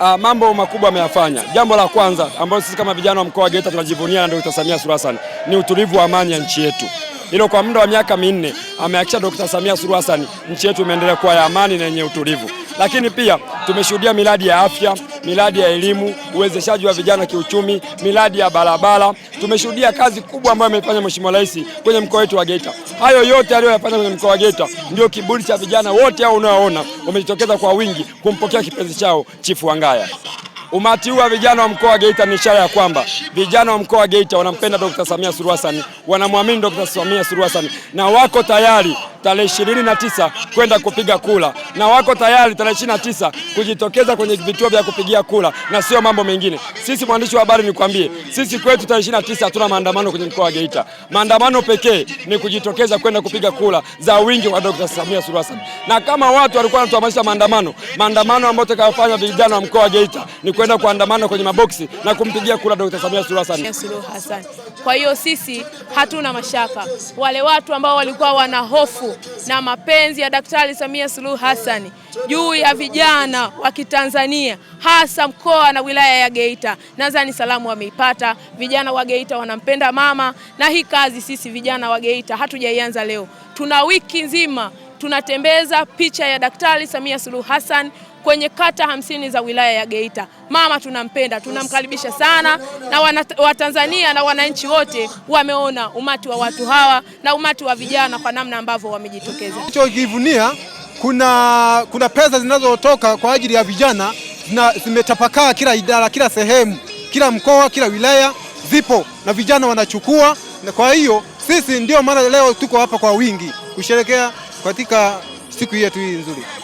Uh, mambo makubwa ameyafanya. Jambo la kwanza ambalo sisi kama vijana wa mkoa wa Geita tunajivunia na Dr. Samia Suluhu Hassan ni utulivu wa amani ya nchi yetu. Hilo kwa muda wa miaka minne amehakikisha Dr. Samia Suluhu Hassan nchi yetu imeendelea kuwa ya amani na yenye utulivu, lakini pia tumeshuhudia miradi ya afya miradi ya elimu, uwezeshaji wa vijana kiuchumi, miradi ya barabara. Tumeshuhudia kazi kubwa ambayo amefanya Mheshimiwa Rais kwenye mkoa wetu wa Geita. Hayo yote aliyoyafanya kwenye mkoa wa Geita ndio kiburi cha vijana wote hao unaoona wamejitokeza kwa wingi kumpokea kipenzi chao Chifu Wangaya. Umati huu wa vijana wa mkoa wa Geita ni ishara ya kwamba vijana wa mkoa wa Geita wanampenda Dr. Samia Suluhu Hassan, wanamwamini Dr. Samia Suluhu Hassan na wako tayari tarehe ishirini na tisa kwenda kupiga kura, na wako tayari tarehe ishirini na tisa kujitokeza kwenye vituo vya kupigia kura na sio mambo mengine. Sisi mwandishi wa habari, nikwambie, sisi kwetu tarehe ishirini na tisa hatuna maandamano kwenye mkoa wa Geita. Maandamano pekee ni kujitokeza kwenda kupiga kura za wingi wa Dr. Samia Suluhu Hassan, na kama watu walikuwa wanatuhamasisha maandamano, maandamano ambayo tutakayofanya vijana wa mkoa wa Geita ni kwenda kuandamana kwenye maboksi na kumpigia kura Dr. Samia Suluhu Hassan. Kwa hiyo sisi hatuna mashaka, wale watu ambao walikuwa wana hofu na mapenzi ya Daktari Samia Suluhu Hassan juu ya vijana wa Kitanzania hasa mkoa na wilaya ya Geita. Nadhani salamu wameipata vijana wa Geita, wanampenda mama, na hii kazi sisi vijana wa Geita hatujaianza leo, tuna wiki nzima tunatembeza picha ya Daktari Samia Suluhu Hassan kwenye kata hamsini za wilaya ya Geita. Mama tunampenda, tunamkaribisha sana, na Watanzania na wananchi wote wameona umati wa watu hawa na umati wa vijana kwa namna ambavyo wamejitokeza. Kivunia kuna, kuna pesa zinazotoka kwa ajili ya vijana zimetapakaa kila idara, kila sehemu, kila mkoa, kila wilaya zipo na vijana wanachukua, na kwa hiyo sisi ndio maana leo tuko hapa kwa wingi kusherekea katika siku yetu hii nzuri.